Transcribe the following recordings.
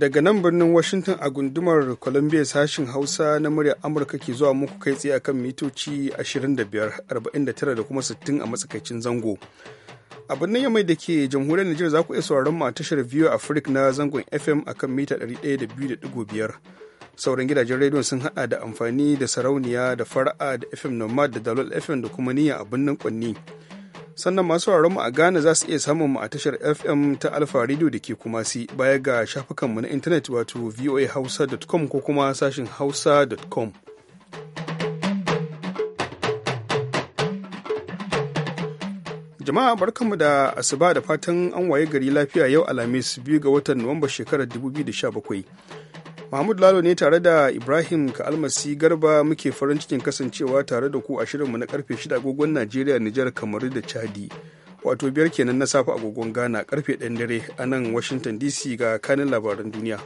daga nan birnin Washington a gundumar Columbia sashen Hausa na murya Amurka ke zuwa muku kai tsaye akan mitoci 25, 49 da kuma 60 a matsakaicin zango. A birnin Yamai da ke jamhuriyar Nijar za ku iya sauraron mu a tashar View Africa na zangon FM akan mita 102.5. Sauran gidajen rediyon sun hada da amfani da sarauniya da fara'a da FM Nomad da Dalol FM da kuma niyya a birnin Kwanni. sannan masu mu a Ghana za su iya samun mu a tashar FM ta Alfa Radio da ke kuma si baya ga shafukanmu na intanet wato voahausa.com ko kuma sashin hausa.com. Jama'a barkanmu da asuba da fatan an waye gari lafiya yau Alhamis biyu ga watan Nuwamba shekarar 2017. Mahmud Lalo ne tare da Ibrahim Ka'almasi Garba muke farin cikin kasancewa tare da ku a shirinmu na karfe 6 agogon Najeriya, Nijar, Kamaru da Chadi. Wato biyar kenan na safe agogon Ghana karfe 1 dare a nan Washington DC ga kanin labaran duniya.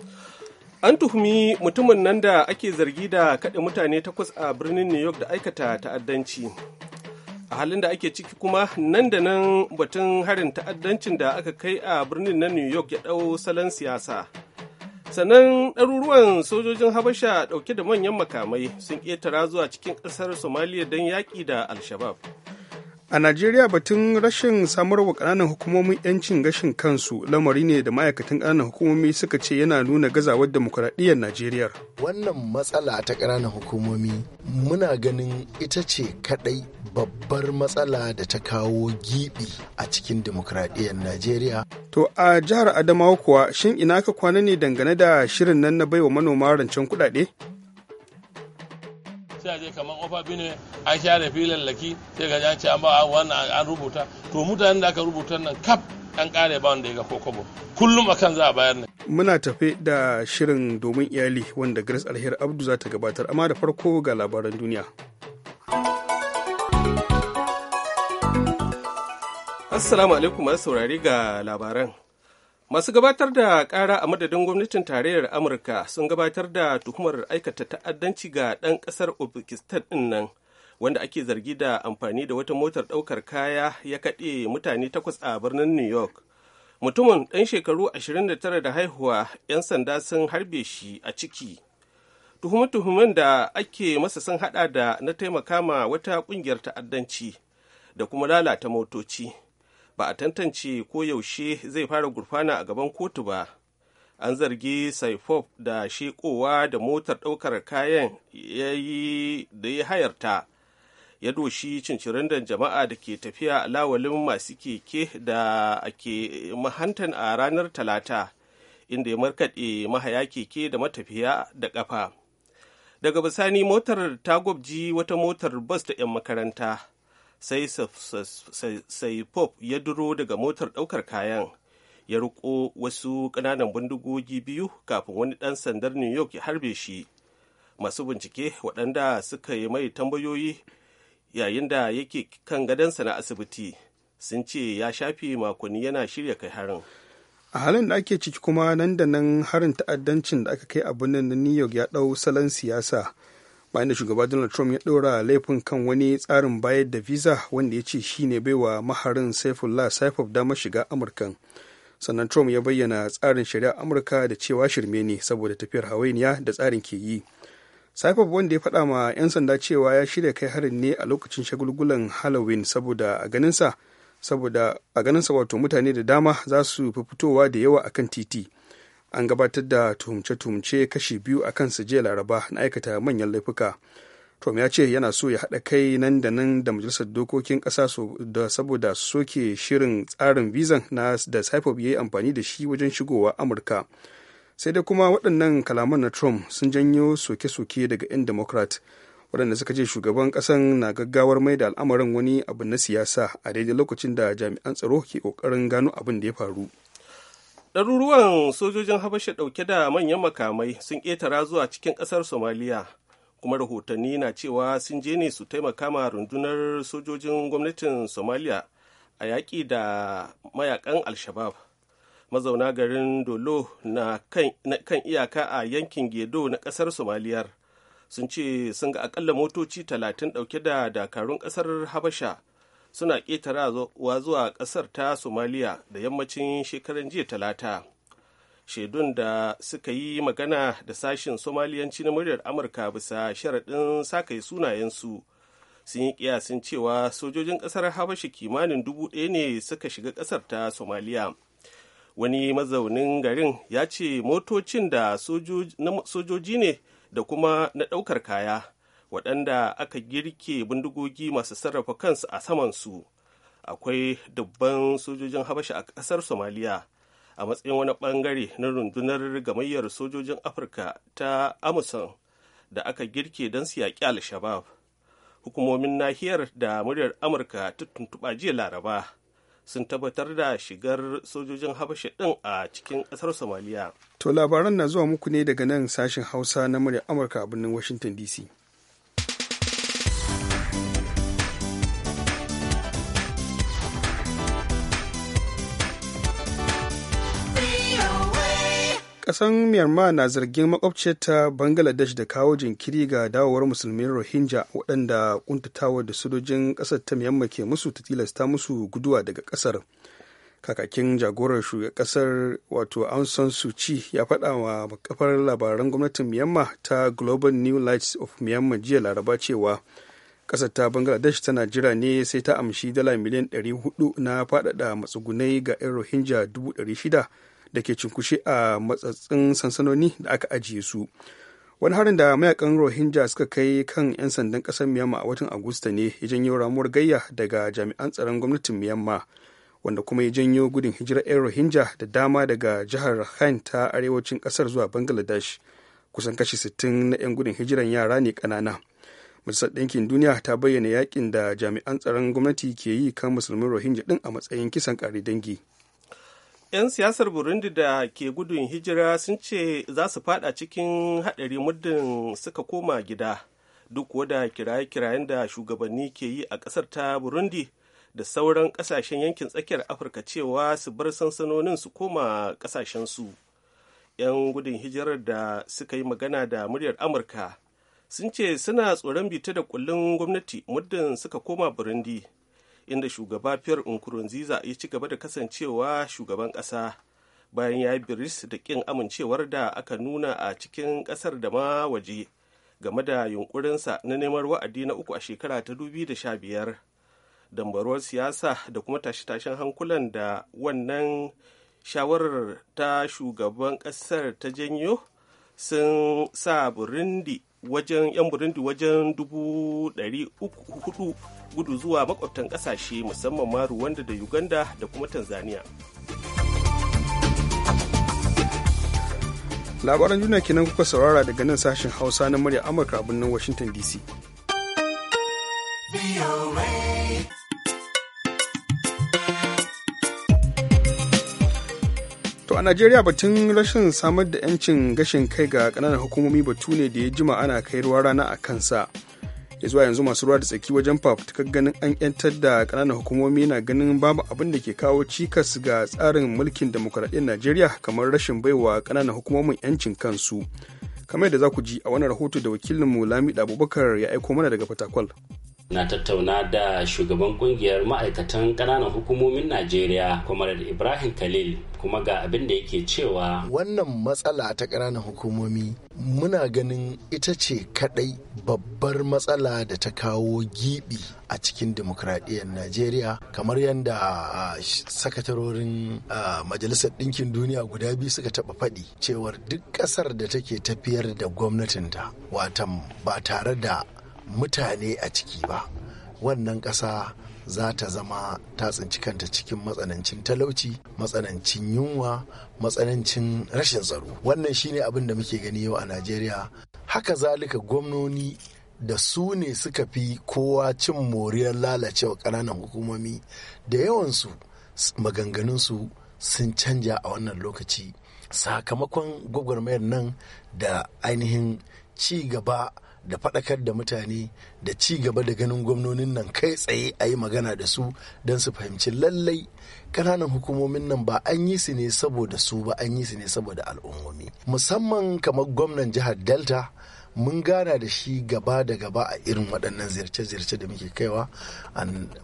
An tuhumi mutumin nan da ake zargi da kaɗe mutane takwas a birnin New York da aikata ta'addanci. A halin da ake ciki kuma nan da nan batun harin ta'addancin da aka kai a birnin na New York ya ɗau salon siyasa. sannan ɗaruruwan sojojin habasha ɗauke da manyan makamai sun ƙetara zuwa cikin ƙasar somaliya don yaƙi da al-shabab a najeriya batun rashin samar wa ƙananan hukumomin 'yancin gashin kansu lamari ne da ma'aikatan ƙananan hukumomi suka ce yana nuna gazawar demokuraɗiyyar najeriya wannan matsala ta ƙananan hukumomi muna ganin ita ce kaɗai babbar matsala da ta kawo gibi a cikin demokuraɗiyyar najeriya to a jihar adamawa kuwa shin ina ka kwana ne dangane da shirin nan na baiwa manoma rancen kuɗaɗe sai a je kamar ofa bine an share filin laki sai ga an ce an ba wannan an rubuta to mutanen da aka rubuta nan kaf an kare ba wanda ya ga kokobo kullum akan za a bayar ne muna tafe da shirin domin iyali wanda Grace Alheri Abdu za ta gabatar amma da farko ga labaran duniya Assalamu alaikum masu saurari ga labaran masu gabatar da ƙara a madadin gwamnatin tarayyar amurka sun gabatar da tuhumar aikata ta'addanci ga ɗan ƙasar uzbekistan ɗin nan wanda ake zargi da amfani da wata motar ɗaukar kaya ya kaɗe mutane takwas a birnin new york mutumin ɗan shekaru ashirin da tara da haihuwa 'yan sanda sun harbe shi a ciki tuhume tuhumin da ake masa sun haɗa da na taimaka ma wata ƙungiyar ta'addanci da kuma lalata motoci ba a tantance ko yaushe zai fara gurfana a gaban kotu ba an zargi saifof da shekowa da motar ɗaukar kayan da ya hayarta ya doshi da jama'a da ke tafiya a lawalin masu keke da ake mahantan a ranar talata inda ya markaɗe mahaya keke da matafiya da ƙafa daga bisani motar ta gwabji wata motar bas da 'yan makaranta sai saipov ya duro daga motar ɗaukar kayan ya riko wasu ƙananan bindigogi biyu kafin wani ɗan sandar new york ya harbe shi masu bincike waɗanda suka yi mai tambayoyi yayin da yake kan gadansa na asibiti sun ce ya shafi makonni yana shirya kai harin a halin da ake ciki kuma nan da nan harin ta'addancin da aka kai a birnin new york ya ɗau salon siyasa bayan da shugaba donald trump ya ɗora laifin kan wani tsarin bayar da visa wanda ya ce shine baiwa maharin saifullah saifov damar shiga amurkan sannan trump ya bayyana tsarin shari'a amurka da cewa shirme ne saboda tafiyar hawainiya da tsarin ke yi saifov wanda ya faɗa ma 'yan sanda cewa ya shirya kai harin ne a lokacin shagulgulan halloween saboda a ganinsa saboda a ganinsa wato mutane da dama za su fi fitowa da yawa akan titi an gabatar da tuhumce-tuhumce kashi biyu a kansu jiya laraba na aikata manyan laifuka trump ya ce yana so ya haɗa kai nan da nan da majalisar dokokin ƙasa da saboda soke shirin tsarin visa na da saipov ya yi amfani da shi wajen shigowa amurka sai dai kuma waɗannan kalaman na trump sun janyo soke-soke daga 'yan democrat waɗanda suka je shugaban ƙasan na gaggawar mai da al'amarin wani abu na siyasa a daidai lokacin da jami'an tsaro ke ƙoƙarin gano abin da ya faru. ɗaruruwan sojojin habasha ɗauke da manyan makamai sun ƙetara zuwa cikin ƙasar somaliya kuma rahotanni na cewa sun je ne su taimaka ma rundunar sojojin gwamnatin somaliya a yaƙi da mayakan alshabab mazauna garin dolo na kan iyaka a yankin gedo na ƙasar somaliyar sun ce sun ga akalla motoci talatin ɗauke da dakarun ƙasar habasha suna ƙetarawa zuwa ƙasar ta somaliya da yammacin shekaran jiya talata shaidun da suka yi magana da sashen somaliyanci na muryar amurka bisa sharaɗin sakai sunayensu sun yi kiyasin cewa sojojin ƙasar habashi kimanin dubu ɗaya ne suka shiga ƙasar ta somaliya wani mazaunin garin ya ce motocin da sojoji ne da kuma na ɗaukar kaya waɗanda aka girke bindigogi masu sarrafa kansu a samansu akwai dubban sojojin habasha a ƙasar somaliya a matsayin wani ɓangare na rundunar gamayyar sojojin afirka ta amusan da aka girke don su yaƙi al-shabab hukumomin nahiyar da muryar amurka ta tuntuɓa jiya laraba sun tabbatar da shigar sojojin habasha ɗin a cikin ƙasar somaliya to labaran na zuwa muku ne daga nan sashen hausa na muryar amurka a birnin washington dc kasan myanmar na zargin makwabciyarta bangladesh da kawo jinkiri ga dawowar musulmin rohingya waɗanda kuntatawa da sojojin ƙasar ta myanmar ke musu ta tilasta musu guduwa daga ƙasar kakakin jagorar shugaban ƙasar wato aung san suu kyi ya faɗa wa kafar labaran gwamnatin myanmar ta global new lights of myanmar jiya laraba cewa ƙasar ta bangladesh tana jira ne sai ta amshi dala miliyan 400 na faɗaɗa matsugunai ga 'yan rohingya 600 da ke cunkushe a matsatsin sansanoni da aka ajiye su wani harin da mayakan rohingya suka kai kan 'yan sandan kasar myanmar a watan agusta ne ya janyo ramuwar gayya daga jami'an tsaron gwamnatin myanmar wanda kuma ya janyo gudun hijirar 'yan rohingya da dama daga jihar rakhine ta arewacin kasar zuwa bangladesh kusan kashi 60 na 'yan gudun hijiran yara ne kanana majalisar ɗinkin duniya ta bayyana yakin da jami'an tsaron gwamnati ke yi kan musulmin rohingya din a matsayin kisan ƙare dangi 'Yan siyasar Burundi da ke gudun hijira sun ce za su fada cikin haɗari muddin suka koma gida, duk da kiraye-kirayen da shugabanni ke yi a ƙasar ta Burundi da sauran ƙasashen yankin tsakiyar Afirka cewa su bar sansanonin su koma su, 'Yan gudun hijirar da suka yi magana da muryar Amurka sun ce suna tsoron bita da kullun gwamnati muddin suka koma Burundi. inda shugaba Pierre Nkurunziza ya ci gaba da kasancewa shugaban ƙasa bayan ya biris da ƙin amincewar da aka nuna a cikin ƙasar da ma waje game da yunkurinsa na neman wa'adi na uku a shekara ta dubi da 2015 dambarwar siyasa da kuma tashe-tashen hankulan da wannan shawarar ta shugaban ƙasar ta janyo sun sa burundi wajen 'yan burundi wajen dubu hudu gudu zuwa makwabtan kasashe musamman ma ruwanda da uganda da kuma tanzania labaran juna kenan kuka saurara daga nan sashen hausa na murya amurka a birnin washington dc To a Najeriya batun rashin samar da 'yancin gashin kai ga kananan hukumomi batu ne da ya jima ana kai ruwa rana a kansa. Ya zuwa yanzu masu ruwa da tsaki wajen ta ganin an 'yantar da kananan hukumomi na ganin babu abin da ke kawo cikas ga tsarin mulkin demokuraɗiyyar Najeriya kamar rashin baiwa kananan hukumomin 'yancin kansu. Kamar yadda za ku ji a wannan rahoto da wakilinmu lami Abubakar ya aiko mana daga Fatakwal. na tattauna da shugaban kungiyar ma'aikatan ƙananan hukumomin najeriya kwamar ibrahim khalil kuma ga abin da yake cewa wannan matsala ta ƙananan hukumomi muna ganin ita ce kadai babbar matsala da ta kawo gibi a cikin demokradiyyar najeriya kamar yadda sakatarorin majalisar ɗinkin duniya guda biyu suka taɓa faɗi cewar duk ƙasar da take tafiyar da gwamnatinta watan ba tare da mutane a ciki ba wannan ƙasa za ta zama ta tsinci kanta cikin matsanancin talauci matsanancin yunwa matsanancin rashin tsaro wannan shine abin da muke gani yau a najeriya haka zalika gwamnoni da su ne suka fi kowa cin moriyar lalacewa ƙananan hukumomi da yawansu maganganunsu sun canja a wannan lokaci sakamakon gwagwarmayar nan da ainihin ci gaba da faɗakar da mutane da ci gaba da ganin gwamnonin nan kai tsaye a yi magana da su don su fahimci lallai ƙananan hukumomin nan ba an yi su ne saboda su ba an yi su ne saboda al'ummomi musamman kamar gwamnan jihar delta mun gana da shi gaba da gaba a irin waɗannan ziyarce-ziyarce da muke kaiwa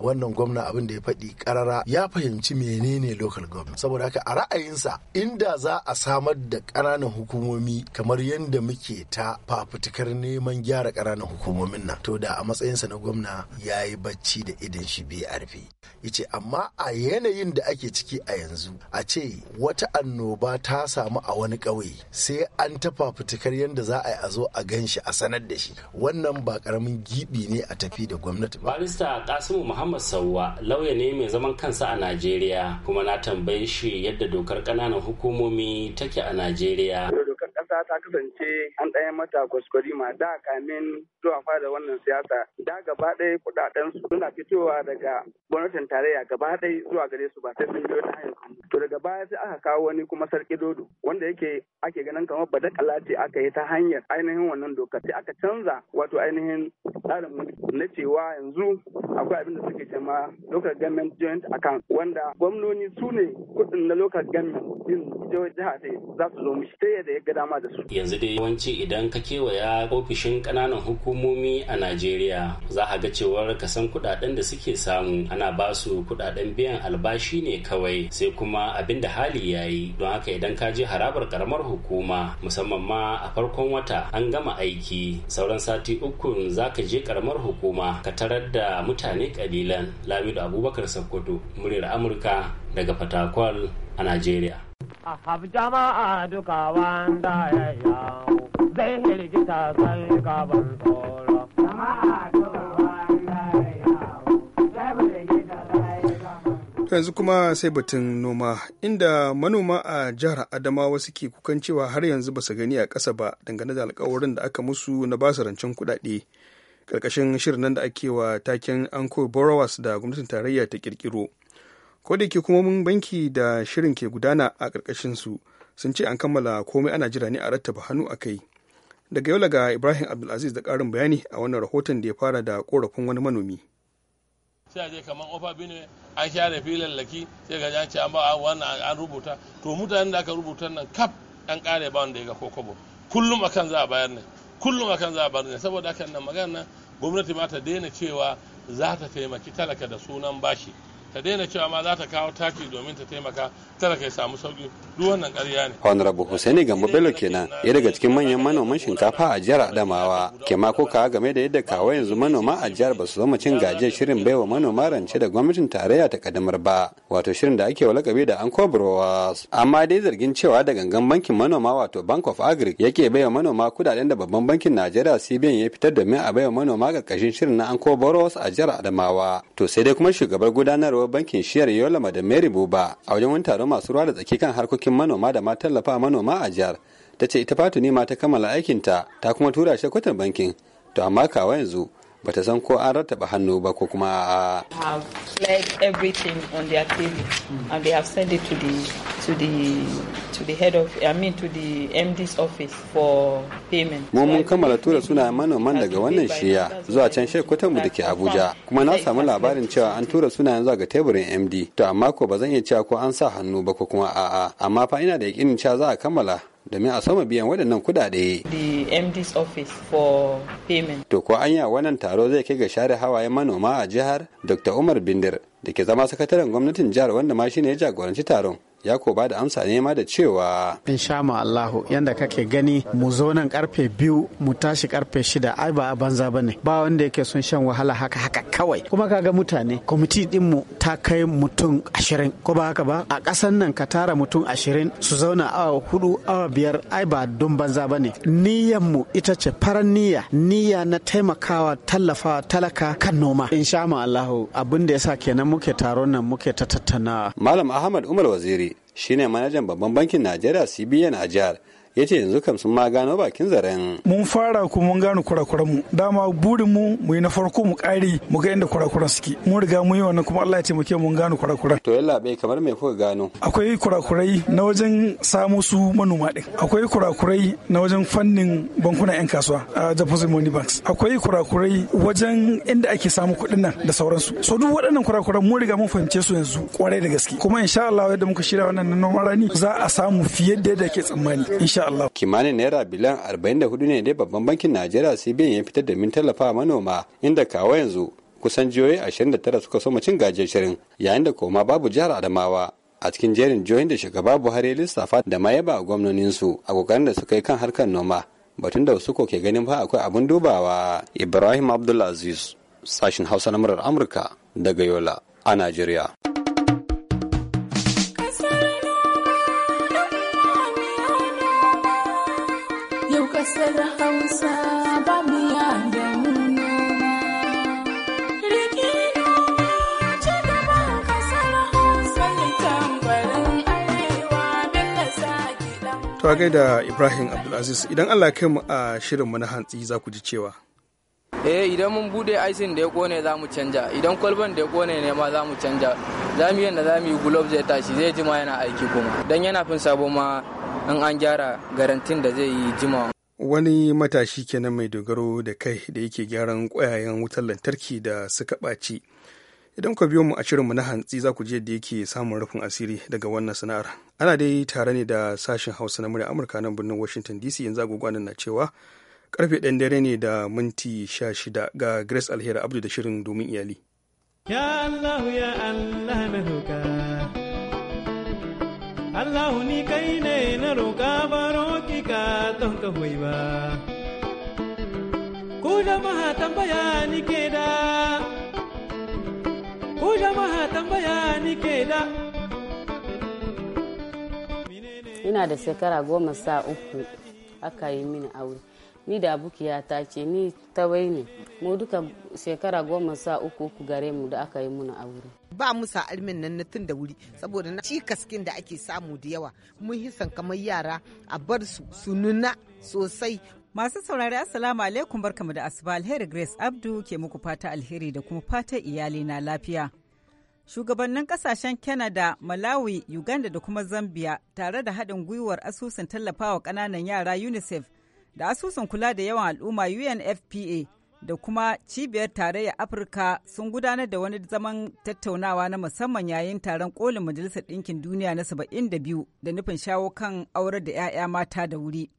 wannan gwamna abin da ya faɗi karara ya fahimci menene local government saboda haka a ra'ayinsa inda za a samar da ƙananan hukumomi kamar yadda muke ta fafutukar neman gyara ƙananan hukumomin nan to da a matsayinsa na gwamna ya yi bacci da idan shi biyu arfe yace amma a yanayin da ake ciki a yanzu a ce wata annoba ta samu a wani ƙauye sai an ta fafutukar yadda za a yi a zo a gani gan shi a sanar da shi wannan ba karamin gibi ne a tafi da gwamnati ba barista kasimu muhammad sauwa lauya ne mai zaman kansa a najeriya kuma na tambaye shi yadda dokar ƙananan hukumomi take a najeriya siyasa ta kasance an ɗaya mata ma da kamin zuwa fara wannan siyasa da gaba ɗaya kuɗaɗen su suna fitowa daga gwamnatin tarayya gaba ɗaya zuwa gare su ba sai sun biyo ta hanyar to daga baya sai aka kawo wani kuma sarki dodo wanda yake ake ganin kamar badakala ce aka yi ta hanyar ainihin wannan doka sai aka canza wato ainihin tsarin mulki na cewa yanzu akwai abin da suke cema local government joint account wanda gwamnoni su ne kuɗin na local government din jiha za su zo mishi ta yadda ya ga dama da su. Yanzu dai yawanci idan ka kewaya ofishin ƙananan hukumomi a Najeriya za a ga cewar ka san kuɗaɗen da suke samu ana ba su kuɗaɗen biyan albashi ne kawai sai kuma abin da hali ya yi don haka idan ka je harabar karamar hukuma musamman ma a farkon wata an gama aiki sauran sati uku za ka je karamar hukuma ka tarar da mutane kalilan Lamidu Abubakar Sokoto muryar Amurka daga Fatakwal a Najeriya. A jama'a Yanzu kuma sai batun noma, inda manoma a jihar Adamawa suke kukan cewa har yanzu ba su gani a ƙasa ba dangane da alkawarin da aka musu na basu rancen kuɗaɗe. Ƙarƙashin shirin nan da ake wa taken Anko Borrowers da gwamnatin tarayya ta ƙirƙiro. ko da ke hukumomin banki da shirin ke gudana a ƙarƙashinsu su sun ce an kammala komai ana jira ne a rattaba hannu a kai daga yau ga ibrahim abdulaziz da ƙarin bayani a wannan rahoton da ya fara da korafin wani manomi sai a je kamar ofa ne an share filin laki sai ga an ce an ba wannan an rubuta to mutanen da aka rubuta nan kaf an kare ba wanda ya ga kokobo kullum akan za a bayar ne kullum akan za a bayar ne saboda hakan nan magana gwamnati ma ta daina cewa za ta taimaki talaka da sunan bashi ta daina cewa ma za ta kawo taki domin ta taimaka kada kai samu sauki duk wannan ƙarya ne. rabu Hussaini Gambo Bello kenan ya daga cikin manyan manoman shinkafa a jihar Adamawa ke ma kawo game da yadda kawo yanzu manoma a jihar ba su zama cin gaje shirin baiwa manoma rance da gwamnatin tarayya ta kadamar ba wato shirin da ake walakabi da Anko Brewers amma dai zargin cewa da gangan bankin manoma wato Bank of Agric yake baiwa manoma kudaden da babban bankin Najeriya CBN ya fitar domin a baiwa manoma karkashin shirin na Anko Brewers a jihar Adamawa to sai dai kuma shugabar gudanarwa sanarwar bankin shiyar yolama da meribu ba a wajen wani taron masu ruwa da tsaki kan harkokin manoma da ma tallafa manoma a jihar ta ce ita fatu ma ta kammala aikinta ta kuma tura shi bankin to amma kawa yanzu ba ta san ko an rattaba hannu ba ko kuma a to the to the head Mu mun kammala tura suna manoman daga wannan shiya zuwa can shekutan mu da ke Abuja kuma na samu labarin cewa an tura suna zuwa ga teburin MD to amma ko ba zan iya cewa ko an sa hannu ba ko kuma a'a amma fa ina da yakinin cewa za a kammala domin a sama biyan waɗannan kuɗaɗe. The MD's office for payment. To ko anya wannan taro zai kai ga share hawaye manoma a jihar Dr. Umar Bindir da ke zama sakataren gwamnatin jihar wanda ma shine ya jagoranci taron ya ko ba da amsa ne ma da cewa in sha ma Allahu yanda kake gani mu zo nan karfe biyu mu tashi karfe shida ai ba a banza bane ba wanda yake son shan wahala haka haka kawai kuma kaga mutane kwamiti din mu ta kai mutum ashirin ko ba haka ba a kasan nan ka tara mutum ashirin su zauna awa hudu awa biyar ai ba don banza bane niyan mu ita ce farar niyya niyya na taimakawa tallafawa talaka kan noma in sha ma Allahu abin da yasa kenan muke taron nan muke ta tattana. Malam Ahmad Umar Waziri shine manajan babban bankin Najeriya CBN a jihar ya ce yanzu kam sun ma gano bakin zaren. Mun fara kuma mun gano kurakuran mu dama burin mu mu yi na farko mu kare mu ga inda kurakuran suke mun riga mun yi wannan kuma Allah ya taimake mun gano kurakuran. To yalla bai kamar me kuka gano. Akwai kurakurai na wajen samu su manoma din akwai kurakurai na wajen fannin bankuna 'yan kasuwa a deposit money banks akwai kurakurai wajen inda ake samu kuɗin nan da sauransu so duk waɗannan kurakuran mun riga mun fahimce su yanzu kwarai da gaske kuma insha Allah yadda muka shirya wannan nan rani za a samu fiye da yadda ake tsammani insha insha Allah. Kimanin naira da hudu ne dai babban bankin Najeriya CBN ya fitar da min tallafa manoma inda kawo yanzu kusan jihohi tara suka soma cin gajiyar shirin yayin da koma babu jihar Adamawa a cikin jerin jihohin da shugaba Buhari ya lissafa da ma yaba su a kokarin da suka yi kan harkar noma batun da wasu ke ganin fa akwai abin dubawa Ibrahim Abdulaziz sashin Hausa na murar Amurka daga Yola a Najeriya. a gaida Ibrahim Abdulaziz idan Allah kai mu a shirin mu na hantsi za ku ji cewa. Eh idan mun bude aisin da ya kone za mu canja idan kwalban da ya kone ne ma za mu canja za mu yanda za mu yi gulob zai tashi zai jima yana aiki kuma dan yana fin sabo ma in an gyara garantin da zai yi jima. Wani matashi kenan mai dogaro da kai da yake gyaran kwayayen wutar lantarki da suka ɓaci. idan ku biyo mu a shirinmu na hantsi za ku ji yadda yake samun rufin asiri daga wannan sana'ar ana dai tare ne da sashen hausa na murya amurka nan birnin washington dc yanzu agogo nan na cewa karfe ɗan dare ne da minti sha shida ga grace alheri abdu da shirin domin iyali ya allah ya allah na roka allah ni kai ne na roka baro ki ka don ka hoyi ba ku jama'a tambaya ni ke da jama'a tambaya ni ke da ina da shekara goma sa uku aka yi mini aure ni da abukiya ta ce ni tawai ne mu duka shekara goma sa uku uku gare mu da aka yi muna aure ba mu almin nan na tun da wuri saboda na cikaskin da ake samu da yawa mun hisan kamar yara a bar su su nuna sosai Masu saurari Assalamu alaikum barkamu da asuba alheri Grace Abdu ke muku fata alheri da kuma fata iyali na lafiya. shugabannin kasashen canada malawi uganda da kuma zambia tare da haɗin gwiwar asusun tallafawa ƙananan yara unicef da asusun kula da yawan al'umma unfpa da kuma cibiyar tarayya afirka sun gudanar da wani zaman tattaunawa na musamman yayin taron kolin majalisar ɗinkin duniya na 72 da nufin shawo kan aurar da 'ya'ya mata da wuri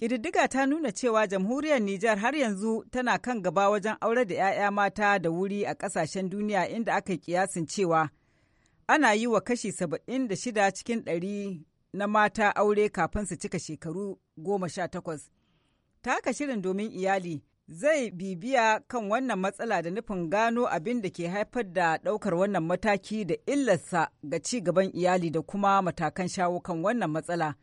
Ƙididdiga ta nuna cewa jamhuriyar Nijar har yanzu tana kan gaba wajen aure da 'ya'ya mata da wuri a ƙasashen duniya inda aka yi kiyasin cewa ana yi wa kashi 76 cikin ɗari na mata aure kafin su cika shekaru 18. Ta haka shirin domin iyali zai bibiya kan wannan matsala da nufin gano abin da ke haifar da ɗaukar wannan mataki da illarsa ga ci gaban iyali da kuma matakan shawo kan wannan matsala.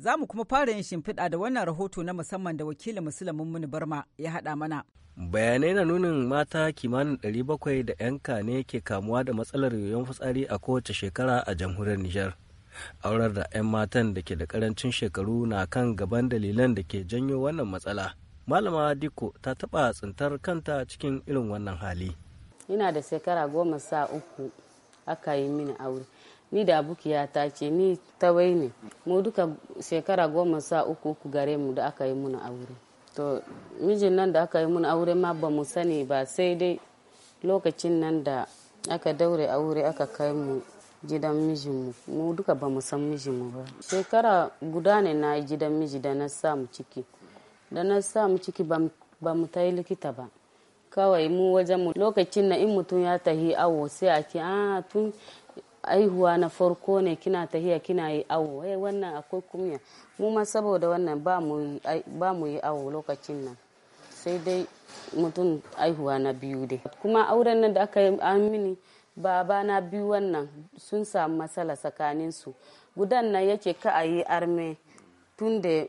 Za mu kuma fara yin shimfiɗa da wannan rahoto na musamman da wakilin musulmin muni barma ya haɗa mana. Bayanai na nunin mata kimanin 700 da 'yanka ne ke kamuwa da matsalar yoyon fitsari a kowace shekara a jamhuriyar Nijar. Aurar da 'yan matan da ke da karancin shekaru na kan gaban dalilan da ke janyo wannan matsala. Malama Diko ta taɓa tsintar kanta cikin irin wannan hali. Ina da shekara goma sa uku aka yi mini aure. ni da abokiya ta ce ni tawai ne mu duka shekara goma sa uku uku gare mu da aka yi muna aure to mijin nan da aka yi muna aure ma ba mu sani ba sai dai lokacin nan da aka daure aure aka kai mu gidan mijinmu mu duka ba mu san mijinmu ba shekara guda ne na yi gidan miji da na sa mu ciki da na sa mu ciki ba mu ta yi likita ba kawai mu wajen mu lokacin na in mutum ya tahi awo sai a ke a ah, tun aihuwa na farko ne kina tahiya kina yi awo eh wannan akwai kunya mu ma saboda wannan ba mu yi awo lokacin nan sai dai mutum aihuwa na biyu dai kuma auren nan da aka yi amini baba na biyu wannan sun samu matsala tsakanin su gudan nan yake ka a yi arme tun da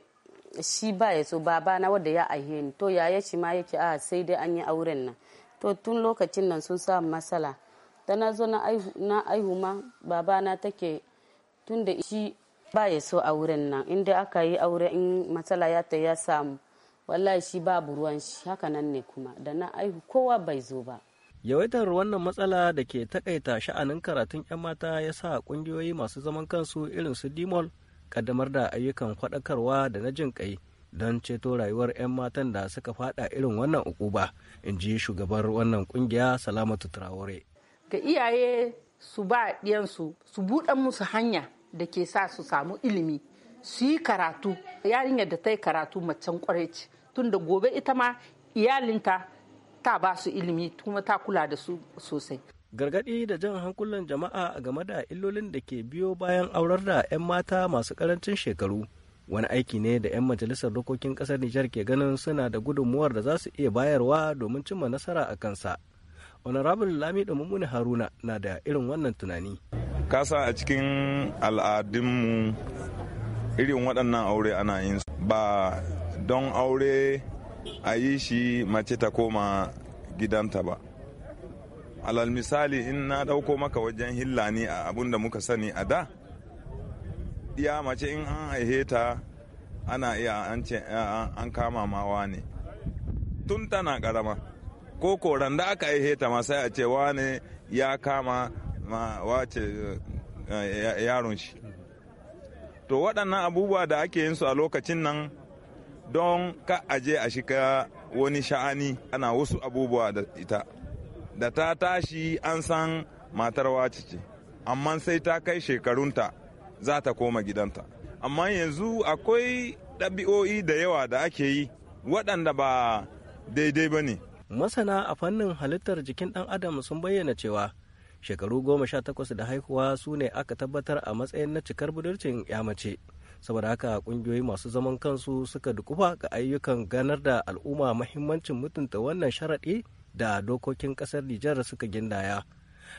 shi ba ya so baba na wadda ya aihe ni to ya shi ma yake a ah, sai dai an yi auren nan to tun lokacin nan sun samu matsala ta na zo na aihu ma babana take tun da shi ba ya so a wurin nan inda aka yi aure in matsala ya ta ya samu wallahi shi babu ruwan shi haka nan ne kuma da na aihu kowa bai zo ba yawaitar wannan matsala da ke takaita sha'anin karatun 'yan mata ya sa kungiyoyi masu zaman kansu irin su dimol kaddamar da ayyukan kwadakarwa da na jin kai don ceto rayuwar 'yan matan da suka fada irin wannan ukuba in ji shugabar wannan kungiya salamatu traore ga iyaye su ba ɗiyansu su buɗe musu hanya da ke sa su samu ilimi su yi karatu yarinyar da ta yi karatu macen kwarai ce tun da gobe ita ma iyalinta ta ba su ilimi kuma ta kula da su sosai gargaɗi da jan hankulan jama'a game da illolin da ke biyo bayan aurar da 'yan mata masu karancin shekaru wani aiki ne da 'yan majalisar dokokin ƙasar nijar ke ganin suna da gudunmuwar da za su iya bayarwa domin cimma nasara a kansa honorable da mummuni haruna na da irin wannan tunani kasa a cikin al'adunmu irin waɗannan aure ana yin ba don aure a yi shi mace ta koma gidanta ba alal misali in na ɗauko maka wajen hilla a abun da muka sani a da iya mace in an haihe ta ana iya an kama mawa ne tun tana ƙarama ko koran da aka yi heta ma sai a ce wane ya kama wace eh, yaron shi to waɗannan abubuwa da ake yin su a lokacin nan don ka aje a shiga wani sha'ani ana wasu abubuwa da ita da ta tashi an san matar wace ce amma sai ta kai shekarunta za ta koma gidanta amma yanzu akwai ɗabi'o'i da yawa da ake yi waɗanda ba daidai ba ne masana a fannin halittar jikin ɗan adam sun bayyana cewa shekaru goma sha takwas da haihuwa su ne aka tabbatar a matsayin na cikar budurcin ya mace saboda haka kungiyoyi masu zaman kansu suka dukufa ga ayyukan ganar da al'umma mahimmancin mutunta wannan sharaɗi da dokokin ƙasar nijar suka gindaya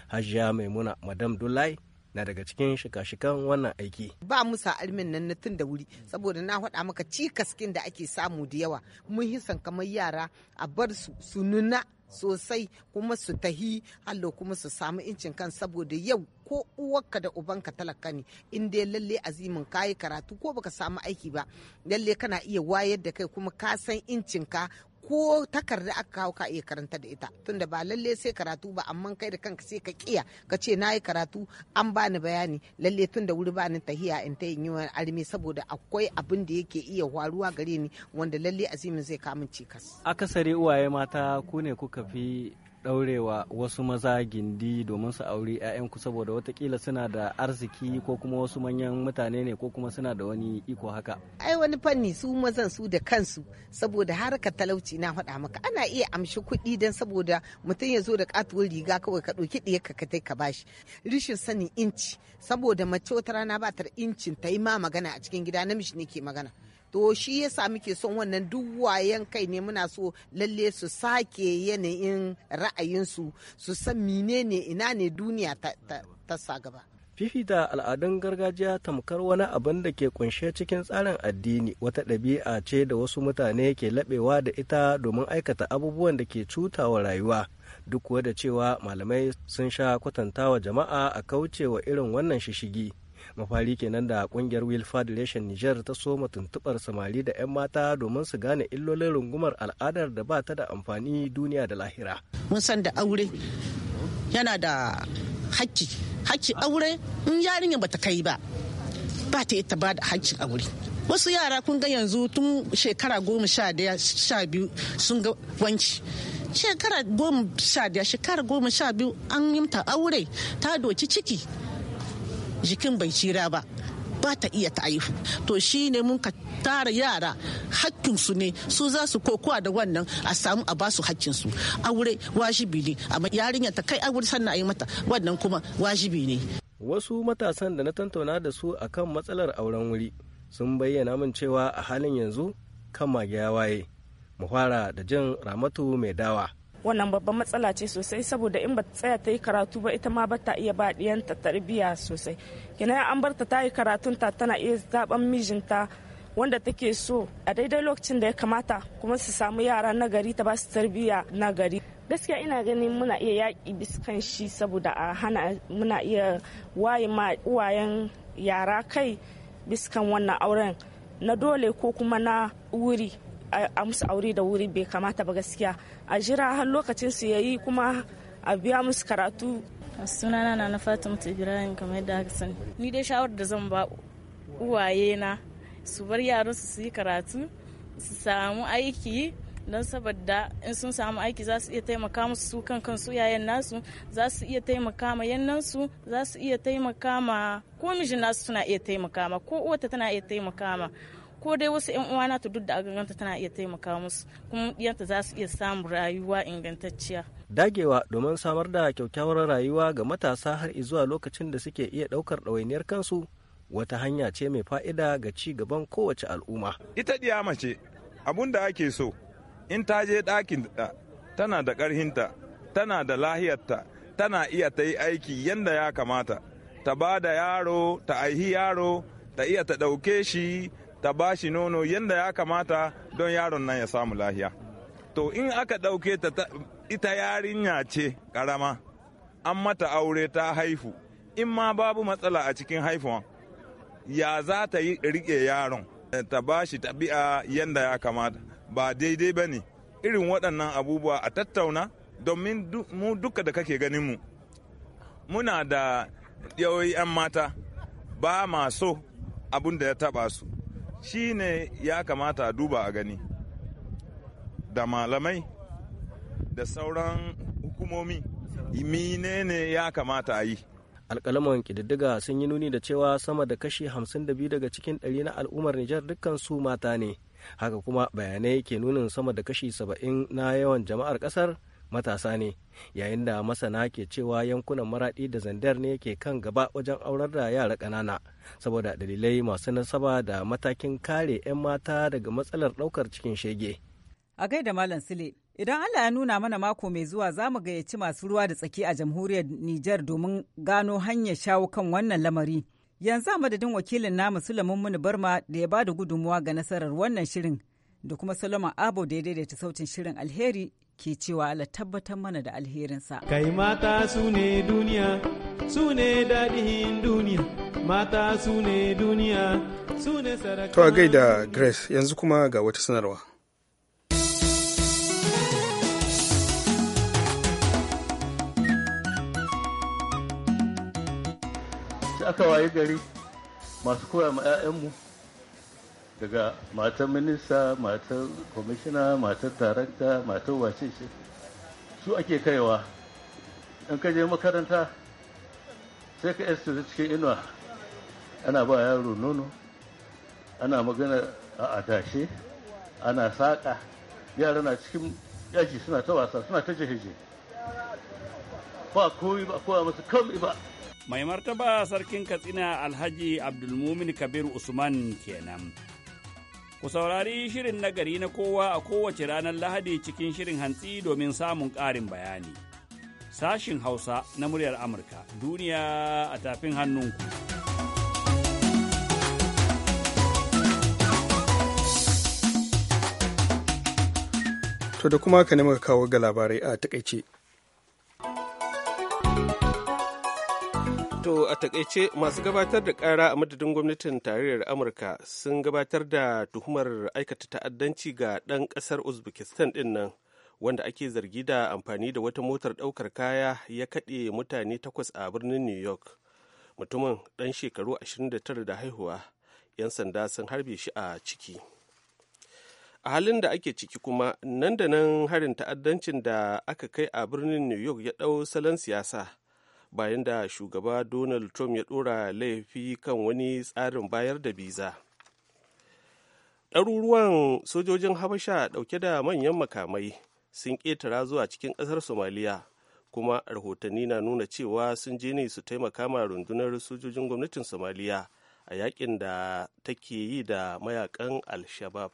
hajiya maimuna madam dulai na daga cikin shika-shikan wannan aiki. Ba mu sa'almin nan na tun da wuri saboda na faɗa maka cikaskin da ake samu da yawa mun hisan kamar yara a bar su su nuna sosai kuma su tahi hallo kuma su samu incin kan saboda yau ko uwarka da ubanka talaka ne in dai lalle azimin kayi karatu ko baka samu aiki ba lalle kana iya wayar da kai kuma ka san incinka. ko takarda aka kawo ka iya karanta da ita tunda ba lalle sai karatu ba amma kai da kanka sai ka kiya ka ce na yi karatu an bani bayani lalle tun da wuri bani tahiya in ta yin yiwon armi saboda akwai abin da yake iya waruwa gare ni wanda lalle azimin zai kamun cikas akasari uwaye mata ku ne kuka fi ɗaurewa wasu maza gindi domin su auri 'ya'yanku saboda watakila suna da arziki ko kuma wasu manyan mutane ne ko kuma suna da wani iko haka ai wani fanni su mazan su da kansu saboda harkar talauci na faɗa maka ana iya amshi kuɗi don saboda mutum ya zo da katuwar riga kawai ka ɗauki ɗaya ka kai ka bashi rishin sanin inci saboda mace wata rana ba ta incin ta yi ma magana a cikin gida namiji ne ke magana to shi yasa muke son wannan duk wayan kai ne muna so lalle su sake yanayin ra'ayinsu su san menene ina ne duniya ta sa gaba fifita al'adun gargajiya tamkar wani abin da ke kunshe cikin tsarin addini wata ɗabi'a ce da wasu mutane ke laɓewa da ita domin aikata abubuwan da ke cutawa rayuwa duk da cewa malamai sun sha kwatantawa jama'a a kaucewa irin wannan shishigi mafari kenan da kungiyar will federation niger ta soma tuntubar samari da 'yan mata domin su gane illolin rungumar al'adar da ba ta da amfani duniya da lahira mun san da aure yana da hakki hakki aure in yarinya bata kai ba ba ta ita ba da hakkin aure wasu yara kun ga yanzu tun shekara goma sha daya sha biyu sun ga wanci shekara goma sha daya shekara goma sha biyu an yi ta aure ta doki ciki jikin bai cira ba ba ta iya ta haihu to shi ne mun ka tara yara hakkinsu ne su za su kokowa da wannan a samu a basu su aure wajibi ne amma yarinya ta kai aure sannan a yi mata wannan kuma wajibi ne wasu matasan da na tantauna da su akan matsalar auren wuri sun bayyana min cewa a halin yanzu kan magiya waye mu fara da jin ramatu mai dawa wannan babban matsala ce sosai saboda in ba tsaya ta yi karatu ba ita ma ba ta iya ba ɗiyanta tarbiyya sosai kenan an bar ta ta yi ta tana iya zaben mijinta wanda take so a daidai lokacin da ya kamata kuma su samu yara na gari ta ba su tarbiyya na gari gaskiya ina ganin muna iya yaƙi biskan shi saboda a hana muna iya waye ma uwayen yara kai biskan wannan auren na dole ko kuma na wuri a musu aure da wuri bai kamata ba gaskiya a jira har lokacin su yayi kuma a biya musu karatu sunana na na ta ibrahim kamar yadda aka sani ni dai shawar da zan ba uwaye na su bar yaran su yi karatu su samu aiki don saboda in sun samu aiki za su iya taimaka musu su kan kansu yayan nasu za su iya taimaka ma za su iya taimaka ma ko mijin nasu suna iya taimaka ma ko uwata tana iya taimaka ma ko dai wasu yan uwana ta duk da agaganta tana iya taimaka musu kuma diyanta za su iya samun rayuwa ingantacciya dagewa domin samar da kyakkyawar rayuwa ga matasa har zuwa lokacin da suke iya ɗaukar ɗawainiyar kansu wata hanya ce mai fa'ida ga ci gaban kowace al'umma ita diya mace abun da ake so in ta je ɗakin da tana da ƙarhinta tana da lahiyarta tana iya ta yi aiki yadda ya kamata ta ba da yaro ta aihi yaro ta iya ta ɗauke shi ta ba shi nono yadda ya kamata don yaron nan ya samu lahiya to in aka ɗauke ta ita yarinya ce ƙarama an mata aure ta haifu in ma babu matsala a cikin haifuwan ya za ta yi riƙe yaron eh, ta ba shi tabi'a yadda ya kamata ba daidai ba ne irin waɗannan abubuwa a tattauna domin mu duka da kake ganin mu muna da yawai 'yan mata ba ma so abin da ya taɓa su shi ne ya kamata a duba a gani da malamai da sauran hukumomi mine ne ya kamata a yi alkalaman kididdiga sun yi nuni da cewa sama da kashi 52 daga cikin ɗari na al'ummar nijar dukkan su mata ne haka kuma bayanai ke nunin sama da kashi 70 na yawan jama'ar ƙasar matasa ne yayin da masana ke cewa yankunan maradi da zandar ne ke kan gaba wajen aurar da yara ƙanana saboda dalilai masu nasaba da matakin kare 'yan mata daga matsalar ɗaukar cikin shege a gaida malam sule idan allah ya nuna mana mako mai zuwa za mu gayyaci masu ruwa da tsaki a jamhuriyar nijar domin gano hanyar shawo kan wannan lamari yanzu a madadin wakilin namu sulamin muni barma da ya bada gudunmuwa ga nasarar wannan shirin da kuma solomon abo da ya daidaita sautin shirin alheri ke cewa Allah tabbatar mana da alherinsa. Kai mata su ne duniya, su ne daɗin duniya, mata su ne duniya, su ne sarakawa. To gaida Grace yanzu kuma ga wata sanarwa. aka wayi gari masu koya ma 'ya'yanmu daga matan minista matan kwamishina matan tarakta matan wace ce su ake kaiwa in ka je makaranta sai ka yasta ta cikin inuwa ana ba yaro nono ana magana a adashe ana saƙa yara na cikin yaji suna ta wasa suna ta jeheje ba koyi ba kowa masu kawai ba mai martaba sarkin katsina alhaji abdulmumin kabir usman kenan Ku saurari shirin nagari na kowa a kowace ranar Lahadi cikin shirin hantsi domin samun ƙarin bayani. Sashin Hausa na muryar Amurka, duniya a tafin hannunku. To da kuma ka nemi kawo ga labarai a takaice. To a takaice masu gabatar da kara a madadin gwamnatin tarayyar Amurka sun gabatar da tuhumar aikata ta'addanci ga ɗan ƙasar Uzbekistan ɗin nan wanda ake zargi da amfani da wata motar ɗaukar kaya ya kaɗe mutane takwas a birnin New York. Mutumin ɗan shekaru 29 da haihuwa, 'yan sanda sun harbe shi a ciki. a halin da ake ciki kuma nan da nan harin ta'addancin da aka kai a birnin new york ya ɗau salon siyasa bayan da shugaba donald trump ya ɗora laifi kan wani tsarin bayar da biza ɗaruruwan sojojin habasha ɗauke da manyan makamai sun ƙetara zuwa cikin ƙasar somaliya kuma rahotanni na nuna cewa sun je ne su taimaka ma rundunar sojojin gwamnatin somaliya a yakin da take yi da mayakan al-shabab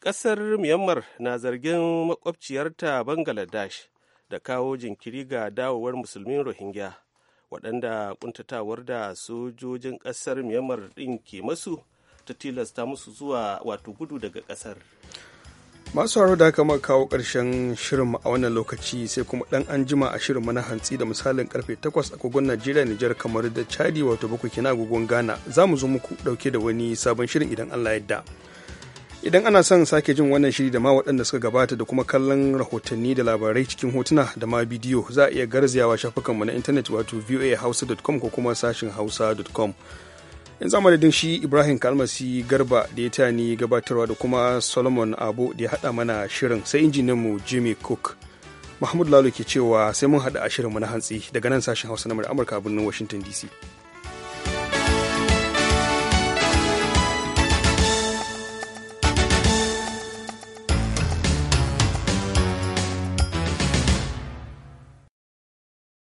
ƙasar myanmar na zargin makwabciyarta bangladesh da kawo jinkiri ga dawowar musulmin rohingya waɗanda kuntatawar da sojojin ƙasar myanmar ɗin ke masu ta tilasta musu zuwa wato gudu daga ƙasar masu haro da kama kawo ƙarshen shirin a wannan lokaci sai kuma ɗan an jima a shirin mana hantsi da misalin karfe 8 a kogon najeriya nijar kamar da chadi wato bakwai kina agogon ghana za mu zo muku ɗauke da wani sabon shirin idan allah yadda idan ana son sake jin wannan shiri da ma waɗanda suka gabata da kuma kallon rahotanni da labarai cikin hotuna da ma bidiyo za a iya garzayawa shafukanmu na intanet wato voahausa.com ko kuma sashin hausa.com in zama shi ibrahim kalmasi garba da ya tani ni gabatarwa da kuma solomon abu da ya haɗa mana shirin sai mu jimmy cook mahmud lalo ke cewa sai mun haɗa a shirinmu na hantsi daga nan sashin hausa na amurka birnin washington dc